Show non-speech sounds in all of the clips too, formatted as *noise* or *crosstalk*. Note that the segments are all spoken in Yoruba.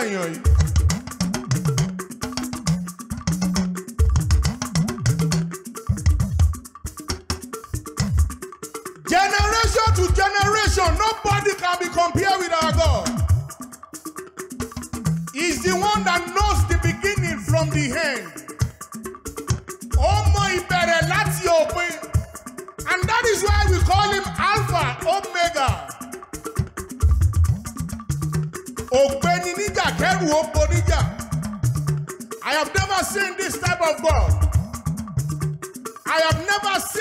èèyàn yìí. generation to generation nobody can be compared with our God. He's the one that knows the beginning from the end. I have never seen this type of God. I have never seen.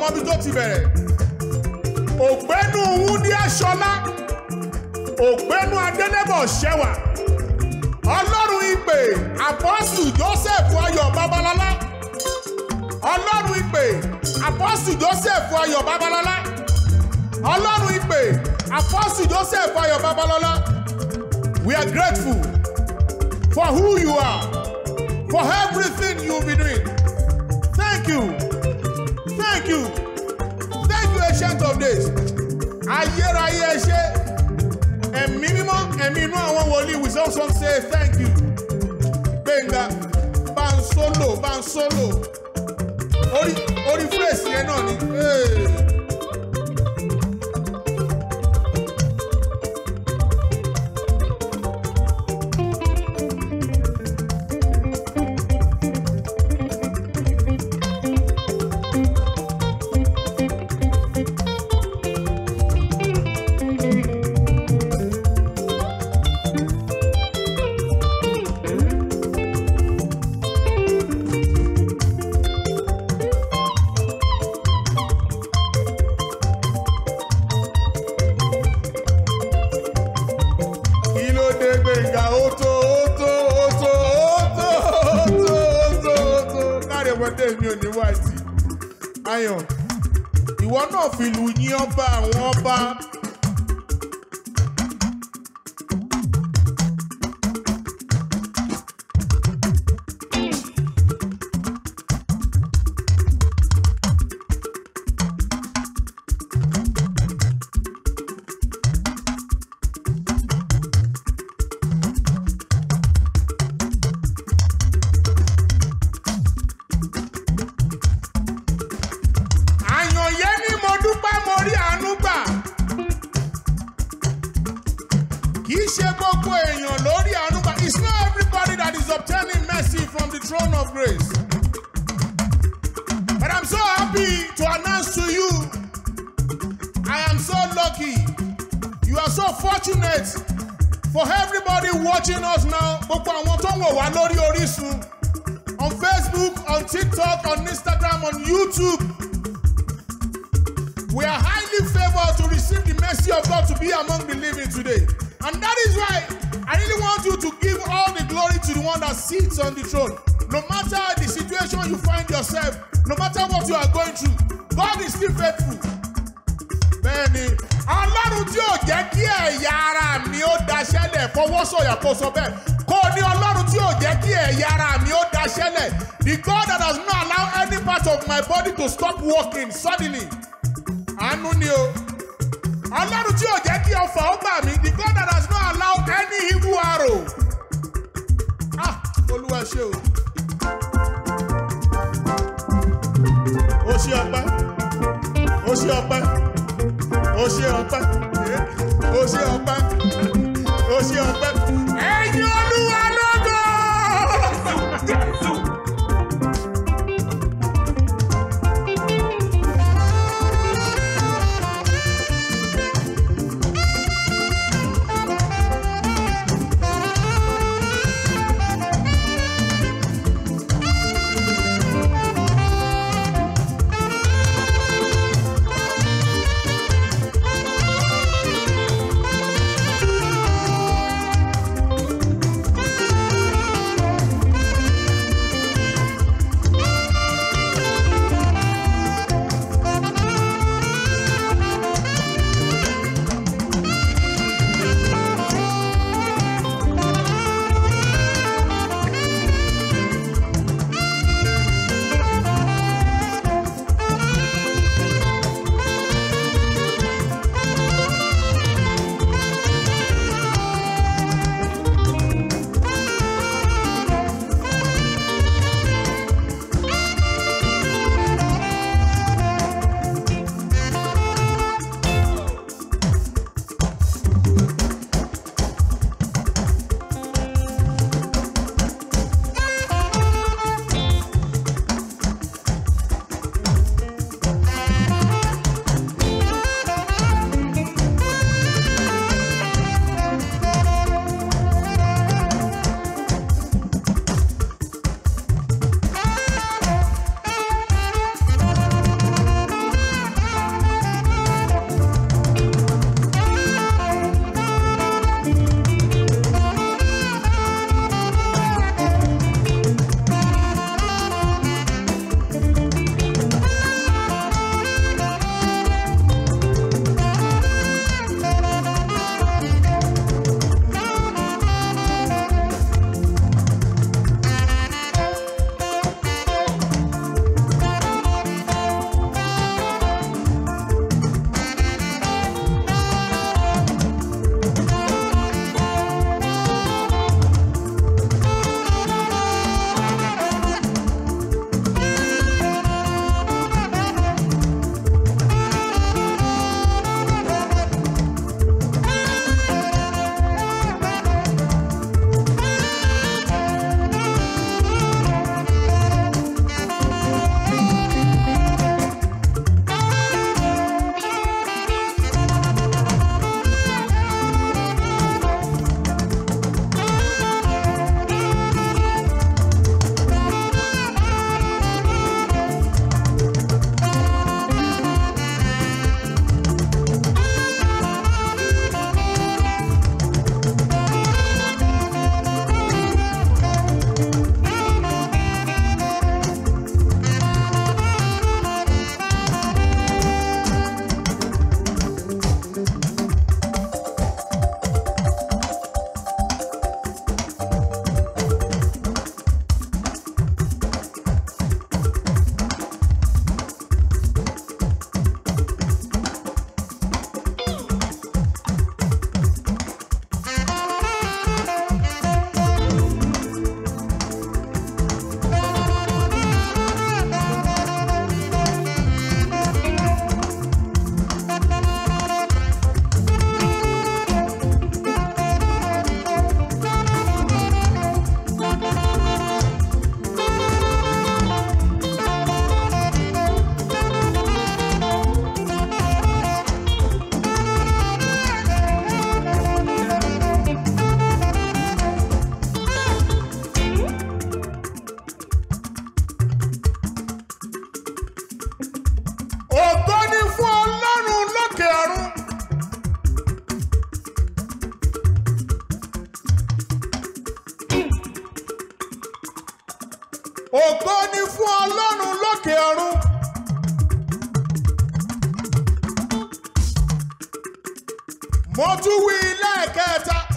mọbi tó ti bẹ̀rẹ̀ ògbẹ́nu wúndí aṣọlá ògbẹ́nu adélébọ̀ ṣẹwà ọlọ́run ìpè àpọ́sù joseph ayọ̀ babalọ́lá ọlọ́run ìpè àpọ́sù joseph ayọ̀ babalọ́lá ọlọ́run ìpè àpọ́sù joseph ayọ̀ babalọ́lá we are grateful for who you are for everything you been doing thank you thank you thank you ancient of days ayérayé ẹ ṣé ẹ̀mí mímọ́ ẹ̀mí inú àwọn wòlíì we song song say thank you gbẹ̀ngà bá ń sólò bá ń sólò orí orí fèrèsì yẹn náà ni. Hey. ṣe o. ó ṣe ọpẹ́ ó ṣe ọpẹ́ ó ṣe ọpẹ́ ó ṣe ọpẹ́ ó ṣe ọpẹ́ ẹ̀yin ọ̀rẹ́.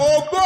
Oh.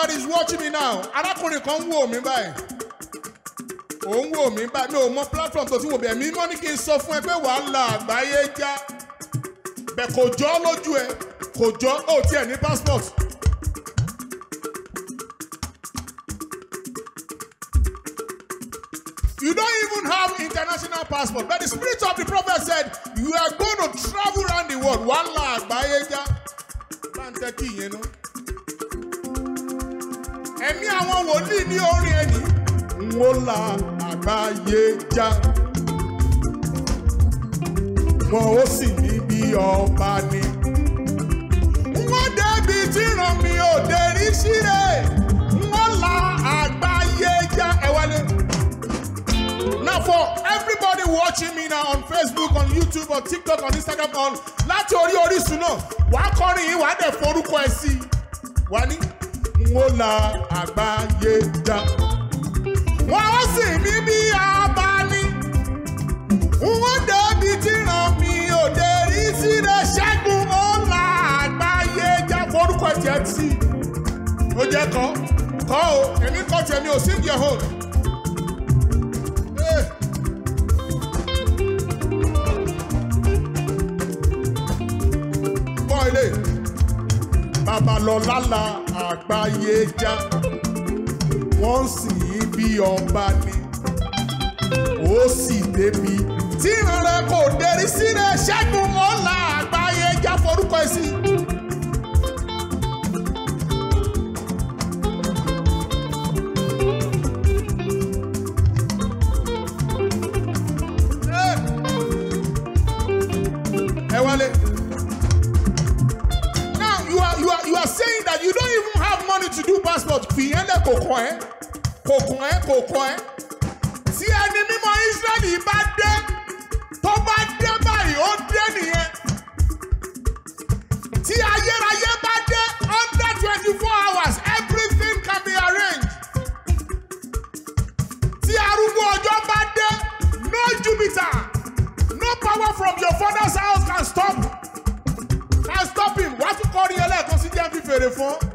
that is watching me now arákùnrin kan ń wò mí báyìí òun wò mí báyìí mi ò mọ platform tó ti wò bẹ́ẹ̀ mi mọ́ ní kí n sọ fún ẹ pé wàhálà àgbáyé já bẹ́ẹ̀ kò jọ́ lójú ẹ kò jọ́ ó tiẹ̀ ní passport. You don't even have international passport but the spirit of the prophet said you are going to travel around the world One àgbáyé já bá ń tẹ́ kí ìyẹn náà ẹ̀mí àwọn wòlíì ní orin ẹni n la àgbáyé já wọn ó sì ní bí ọba ni. wọ́n débi tí ràn mí ò rí síre wọ́n la àgbáyé já ẹ wálé. now for everybody watching me now on Facebook on YouTube on TikTok on Instagram on láti orí Orísun náà wàá kọrin yìí wàá dẹ̀ forúkọ ẹ sí i wàá ní n ó la àgbáyé já. Wọ́n ó sì mí bí ọba ní. N ó débi tí ràn mí ò dé rí síre ṣẹ́gun ó la àgbáyé já. Forúkọ jẹ́ tí ó jẹ́ kọ́ kọ́ o èmi kọ́ tèmi ò sí ìdí ẹ̀hónù. Babalọlá àgbáyé já wọ́n sì í bí ọba ni ó sì débi tí ìrànlẹ́ kò dérí sílẹ̀ ṣẹ́gun mọ́lá àgbáyé já forúkọ ẹ̀ sí. you don't even to do passport fìyẹn lẹ̀ kò kàn ẹ́ kò kàn ẹ́ kò kàn ẹ́ tí ẹni mímọ́ Ísírẹ́lì bá dé tó bá dé báyìí ó dé nìyẹn tí ayérayé bá dé under twenty four hours everything can be arranged tí arúgbó ọjọ́ bá dé no Jupiter no power from your father's house can stop can stop him wàá tún kọ́ ọ́ ní ẹlẹ́ẹ̀kan sí jẹ́ fífèrè fún.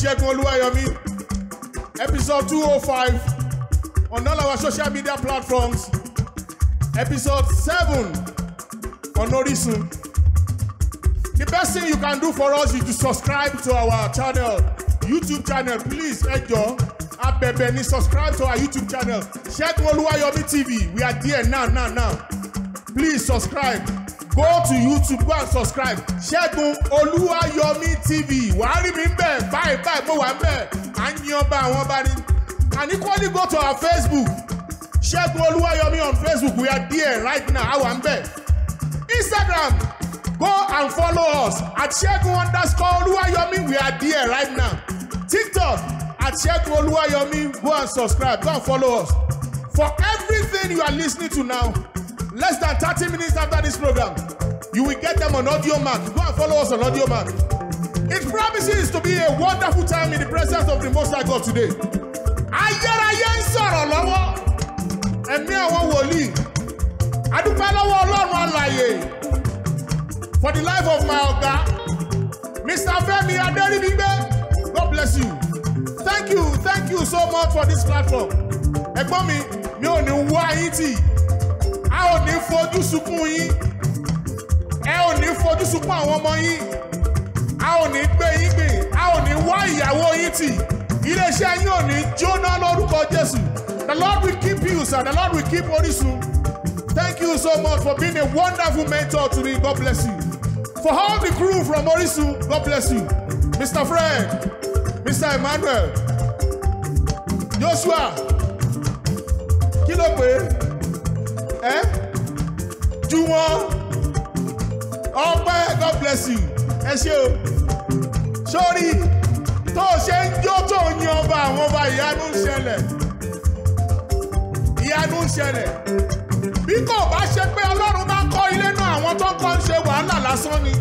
Ṣẹ́gun Olúwayọ̀mí episode two oh five on all our social media platforms episode seven on Orisun. The best thing you can do for us is to subscribe to our channel YouTube channel please ẹ jọ̀ọ́ abẹ̀bẹ̀ ni subscribe to our YouTube channel Ṣẹ́gun Olúwayọ̀mí TV we are there now now now please subscribe go to youtube go and subscribe ṣẹ́gun olúwayọmí tv wàá rí mi bẹ́ẹ̀ báyìí báyìí mo wà bẹ́ẹ̀ à ń yan bá àwọn bá ní. and equally go to our facebook ṣẹ́gun olúwayọmí on facebook we are there right now àwa ń bẹ́ẹ̀ instagram go and follow us at ṣẹ́gun underscore olúwayọmí we are there right now tiktok at ṣẹ́gun olúwayọmí go and subscribe go and follow us for everything you are listening to now less than 30 minutes after this program, you will get them on Audio Mac. Go and follow us on Audio Mac. It promises to be a wonderful time in the presence of the Most High God today. Ayérayé ń sọ̀rọ̀ lọ́wọ́. Ẹ̀mí àwọn wòlíì. Adúpẹ́ lọ́wọ́ Ọlọ́run àlàyé. For the life of my ọ̀gá, Mr. Femi Adéribigbe, God bless you. Thank you, thank you so much for this platform. Ẹ̀gbọ́n mi, mi ò ní wá yín tì a ò ní fojú sunkún yín ẹ ò ní fojú sunkún àwọn ọmọ yín a ò ní gbé yín gbìn a ò ní wá ìyàwó yín tì iléeṣẹ́ yín ò ní jóná lórúkọ Jésù the Lord will keep you sir the Lord will keep Orisun thank you so much for being a wonderful mentor to me God bless you for all the crew from Orisun God bless you Mr. Fred Mr. Emmanuel Joshua kí ló pé. Do eh? ẹ Jùwọ́n ọpẹ́ God bless you ẹ ṣé o sórí tó o ṣe ń jó tó o yin ọba àwọn ọba ìyanu ń ṣẹlẹ̀ ìyanu ń ṣẹlẹ̀ bí kò bá ṣe pé Ọlọ́run bá kọ́ ilé náà àwọn tó kọ́ ń ṣe wàhálà lásán ni.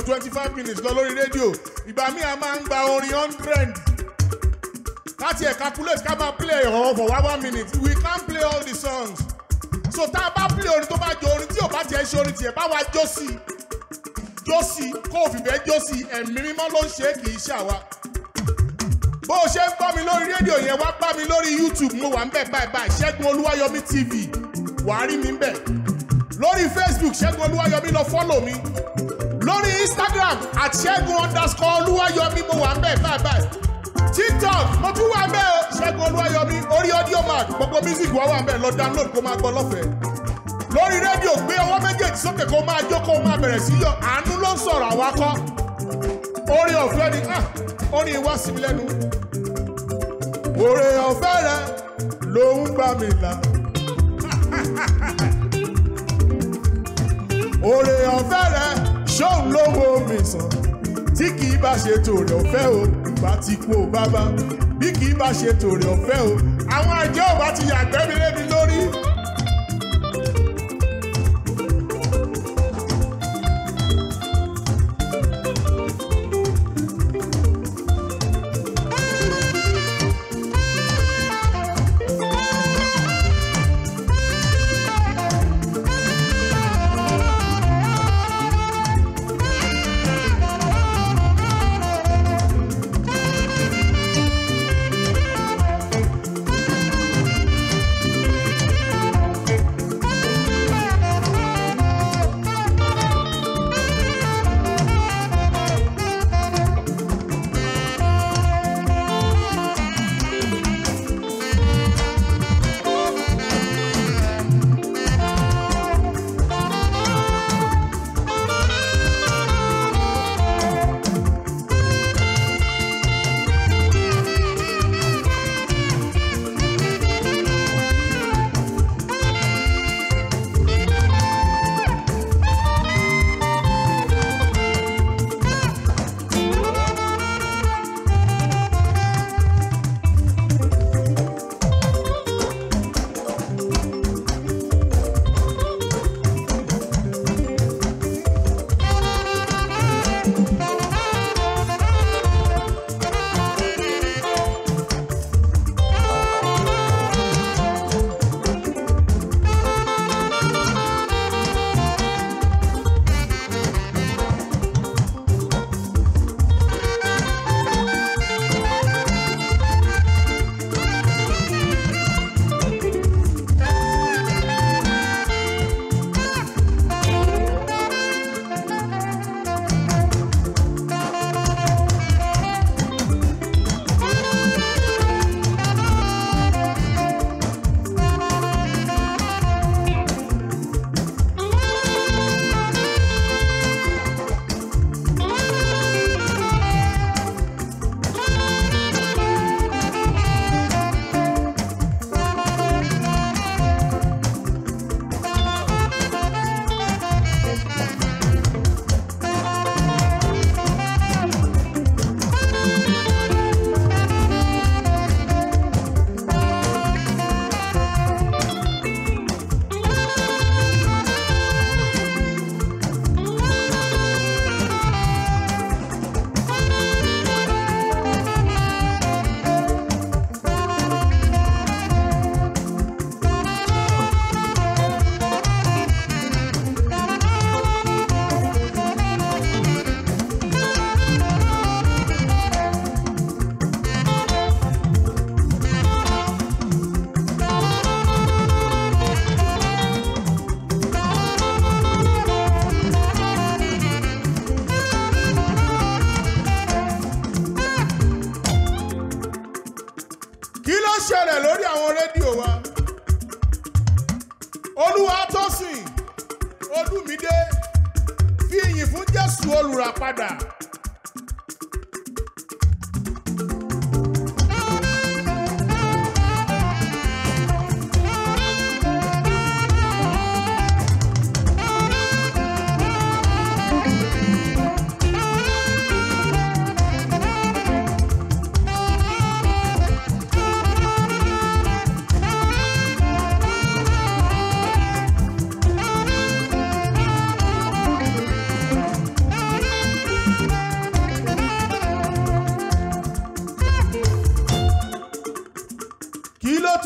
to twenty five minutes lọ lórí rédíò ìgbà míì a máa ń gba orin hundred láti ẹ̀ calculate ká máa play ọ̀hún for one one minute we can play all the songs so tá a bá play orin tó bá jọ orin tí ò bá tiẹ̀ ṣe orin tiẹ̀ bá wa jó sí i jó sí i kó o fìfẹ́ jó sí i ẹ̀mí mímọ́ ló ń ṣe é kì í ṣàwa bó o ṣe ń gbọ́ mi lórí rédíò yẹn wá bá mi lórí youtube mo wà ń bẹ̀ báyìí báyìí ṣẹ́gun olúwayọ̀mí tv wàá rí mi ń bẹ̀ lórí facebook ṣẹ́gun olúwayọ̀mí lọ fọ́lọ̀ mi lórí instagram àti ṣẹ́gun underscore olúwayọ̀mí mo wà ń bẹ̀ báyìí báyìí tiktok mo tún wà ń bẹ̀ o ṣẹ́gun olúwayọ̀mí orí audio mark gbogbo music wà wà ń bẹ̀ lọ download kó máa gbọ́ lọ́fẹ̀ẹ́ lórí rédíò gbé ọwọ́ méjèèjì sókè kó máa jó kó máa bẹ̀rẹ̀ sí yọ àánú ló ń sọ̀rọ̀ àwa kọ́ orin ọ̀fẹ́ ni orin ah, ìwá sí mi lẹ́nu orin ọ̀fẹ́ rẹ ló ń gbà mí là *laughs* orin ọ̀fẹ́ rẹ ṣóun lówó mi sàn tí kì í bá ṣe tòrè ọ̀fẹ́ o ìbá ti kú o bàbá bí kì í bá ṣe tòrè ọ̀fẹ́ o àwọn àjẹ́ ò bá ti yàgbẹ́ mi lébi lórí.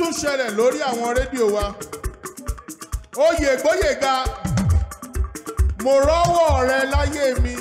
tún ṣẹlẹ̀ lórí àwọn rédíò wa oyè gbóyèga mo rọ́wọ́ rẹ láyé mi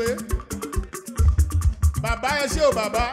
pé bàbá ẹ ṣé o bàbá.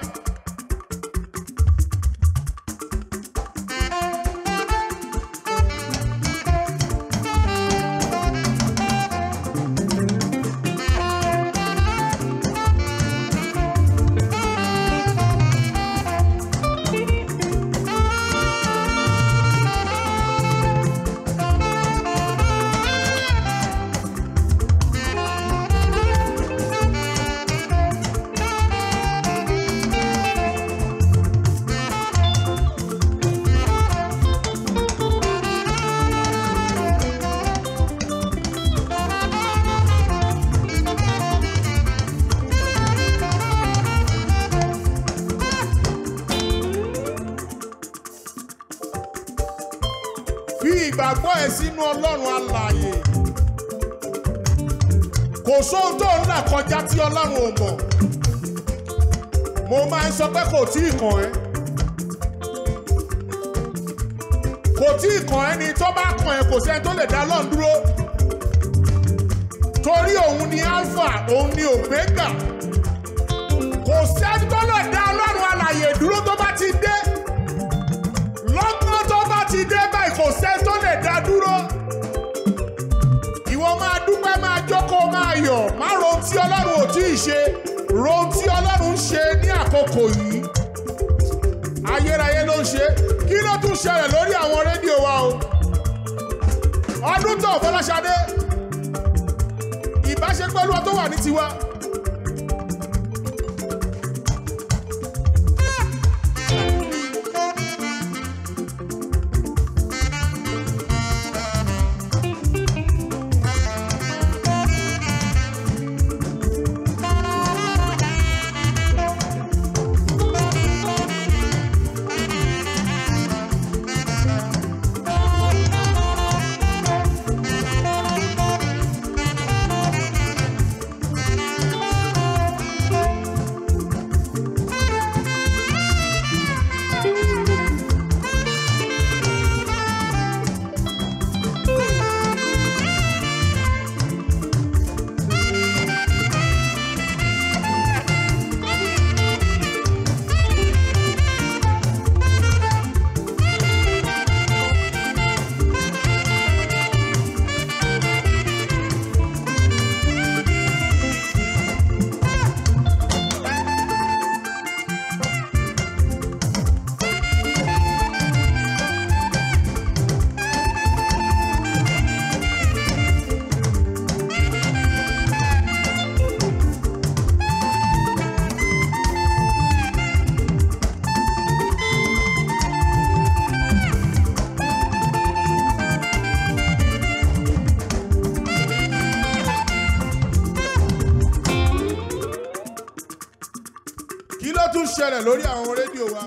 ọlọ́run ò mọ̀ mo máa ń sọ pé kò tí ì kàn ẹ́ kò tí ì kàn ẹ́ ni tó bá kàn ẹ́ kò sẹ́ni tó lè dá lọ́n dúró torí òun ni alpha òun ni omega kò sẹ́ni tó lè dá ọlọ́run alàyè dúró. àkókò yìí ayérayé ló ń ṣe kí ló tún ṣẹlẹ̀ lórí àwọn rédíò wa o ọdún tó Fọláṣadé ìbáṣepẹ̀lú wa tó wà ní tiwa. ṣẹlẹ̀ lórí àwọn rédíò wa.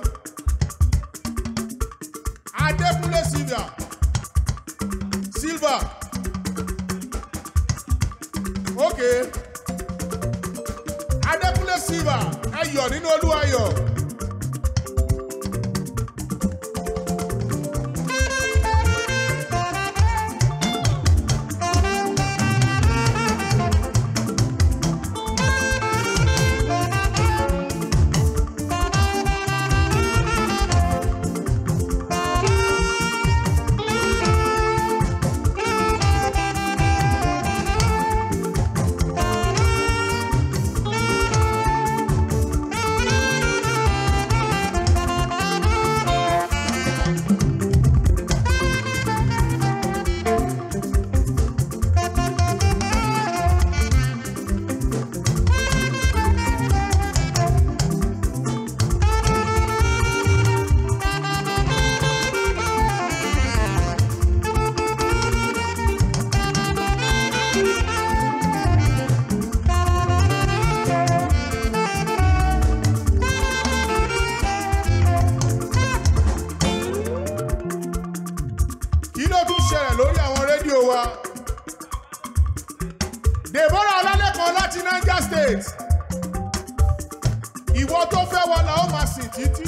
wa Deborah Ọlálẹ́kan láti Niger State ìwọ tó fẹ́ wa la ó máa sìn títí.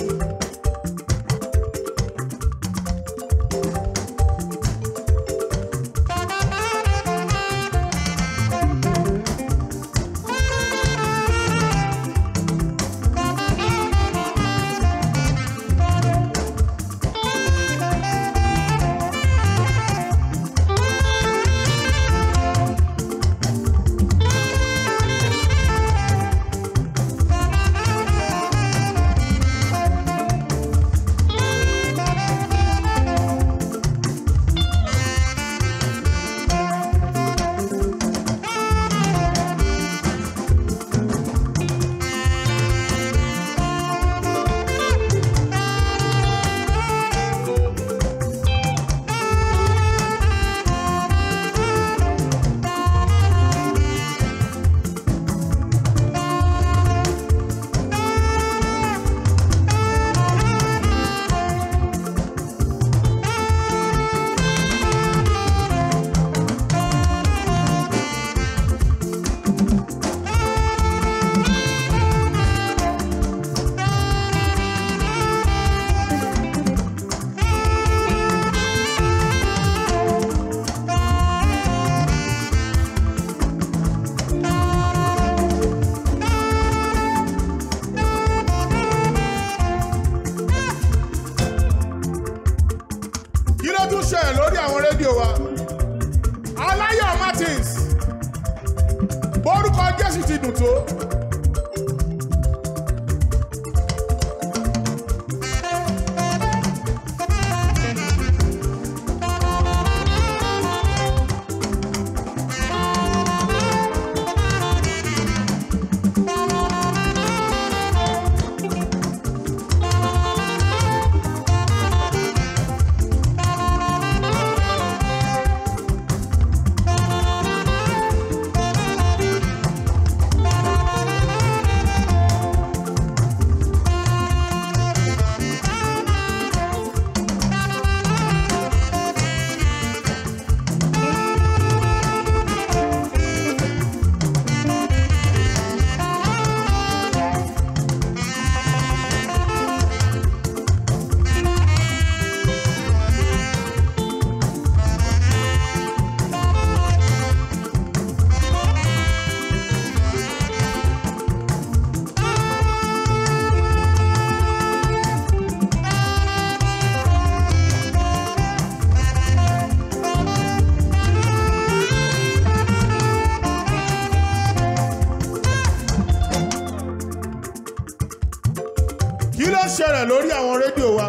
kí ló ṣẹlẹ̀ lórí àwọn rédíò wa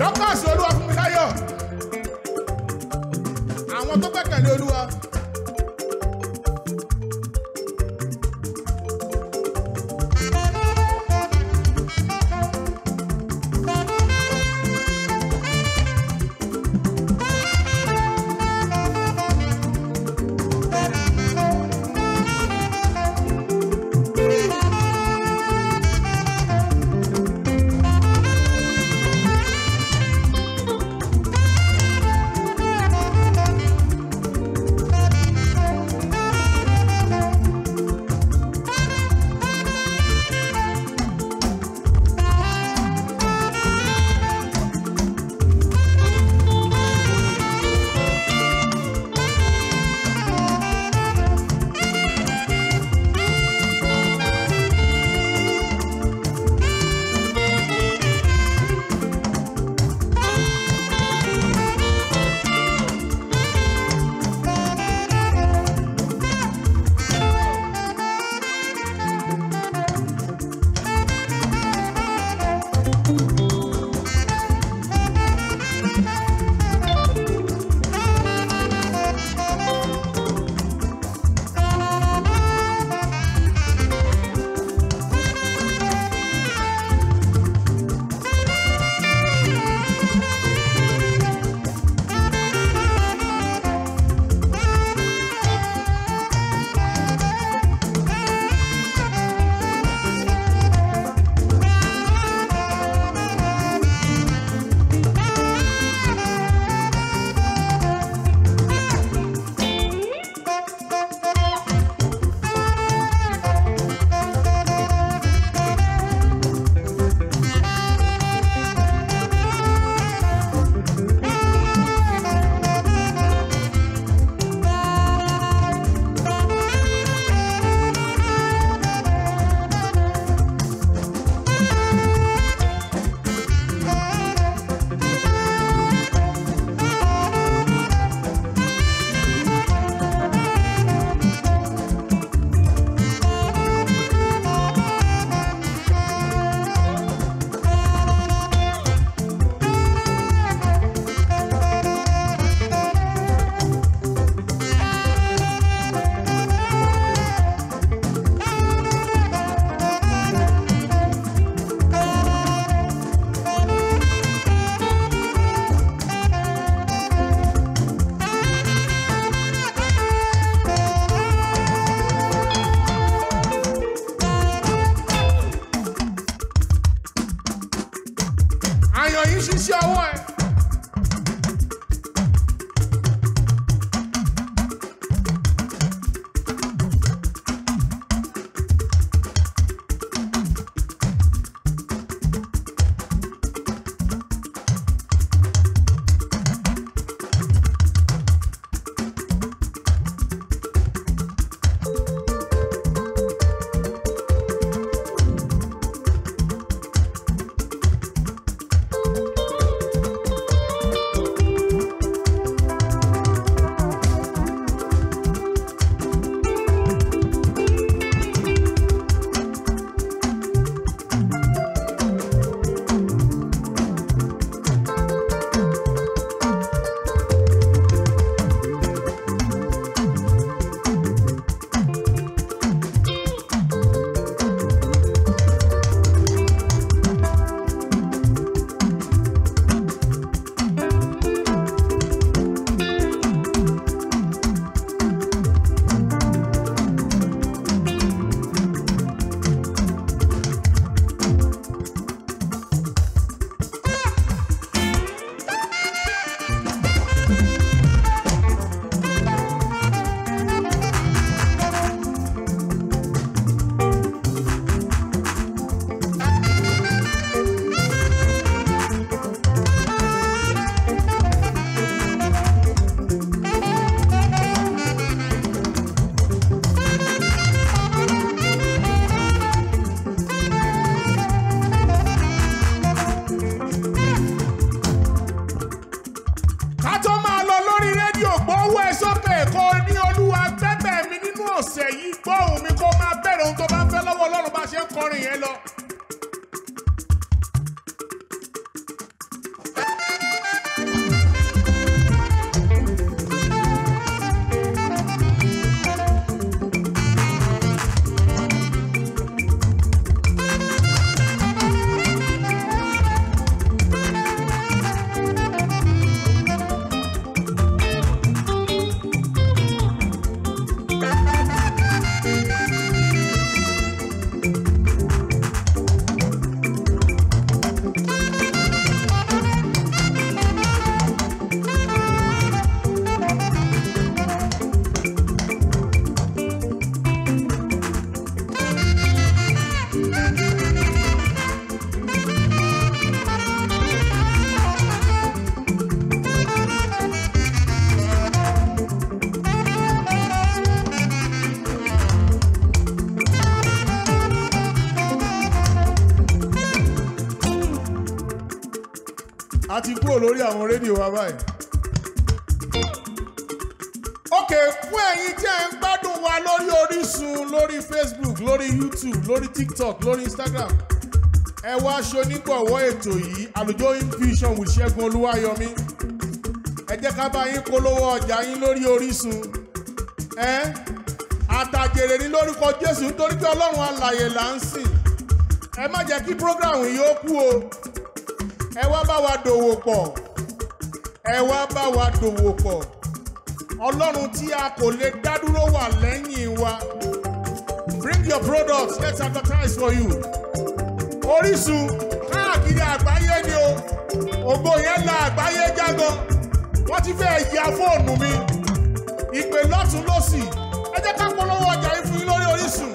dọ́kàsí olúwa fún mi láyọ̀ àwọn tó gbẹ̀kẹ̀lé olúwa. lórí àwọn rédíò wa báyìí. òkè fún ẹ̀yin tí ẹ̀ ń gbádùn wa lórí Orísun lórí Facebook lórí YouTube lórí TikTok lórí Instagram ẹ wá ṣonígbọ̀wọ́ ètò yìí àlùjọ infusion with Ṣẹ́gun Olúwayọ̀mí ẹ jẹ́ ká bá yín polówó ọjà yín lórí Orísun ẹ àtàjèrè ní lórúkọ Jésù nítorí pé Ọlọ́run alààyè là ń sìn ẹ má jẹ́ kí program yìí ó kú o. ẹ wá bá wa dòwò pọ̀ ẹ wá bá wa dòwò pọ̀ ọlọ́run tí a kò lè dádúró wà lẹ́yìn wa bring your products let's advertise for you Orísun káàkiri àgbáyé ni o ògo yẹn la àgbáyé jágan wọ́n ti fẹ́ ya fóònù mi ìpè lọ́tún lọ́sì ẹ jẹ́ ká polówó ọjà yìí yín lórí Orísun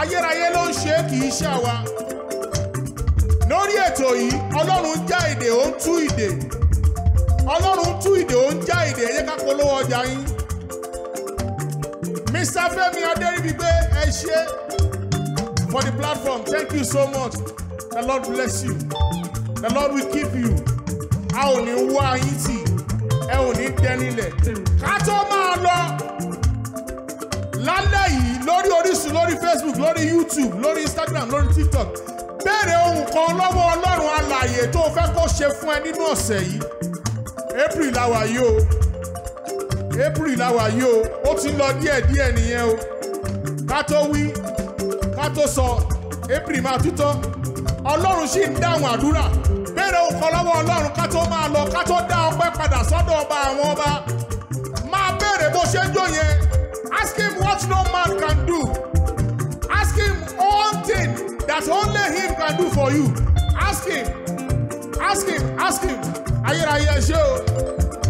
ayérayé ló ń ṣe é kì í ṣe àwa. lórí ètò yìí ọlọ́run já ìdè ó ń tú ìdè ọlọ́run tú ìdè ó ń já ìdè ẹ ká polówó ọjà yín Mr. Femi Aderibigbe ẹ ṣé for the platform thank you so much the Lord bless you the Lord will keep you a ò ní wá yín tì ẹ ò ní dẹnilẹ̀ ká tó máa lọ lálẹ́ yìí lórí Orísun lórí Facebook lórí YouTube lórí Instagram lórí TikTok béèrè ohun kan lọ́wọ́ ọlọ́run alààyè tó o fẹ́ kó ṣe fún ẹ nínú ọ̀sẹ̀ yìí april làwà yìí o april làwà yìí o ó ti ń lọ díẹ̀díẹ̀ nìyẹn o ká tó wí ká tó sọ april máa tún tán ọlọ́run sì ń dáhùn àdúrà béèrè ohun kan lọ́wọ́ ọlọ́run ká tó máa lọ ká tó dá ọpẹ́ padà sọ́dọ̀ ọba àwọn ọba máa béèrè bó ṣe ń jó yẹn that only him can do for you ask him ask him ask him ayérayé ẹ ṣé o.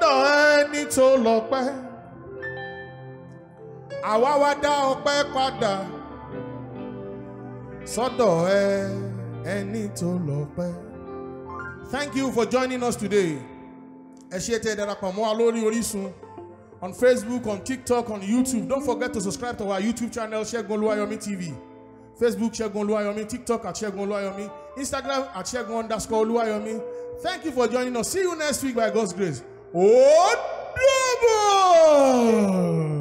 lọ́dọ̀ ẹni tó lọ́pẹ́ àwa wá dá ọpẹ́ padà sọ́dọ̀ ẹ ẹni tó lọ́pẹ́. Thank you for joining us today. Ẹ ṣé tẹ́ darapọ̀ mọ́ wa lórí Orísun on Facebook, on TikTok, on YouTube. Don't forget to subscribe to our YouTube channel, Ṣẹ́gun Olúwayọ̀mí TV. Facebook, Ṣẹ́gun Olúwayọ̀mí. TikTok at Ṣẹ́gun Olúwayọ̀mí. Instagram at Ṣẹ́gun underscore Olúwayọ̀mí. Thank you for joining us. See you next week by God's grace. O Double!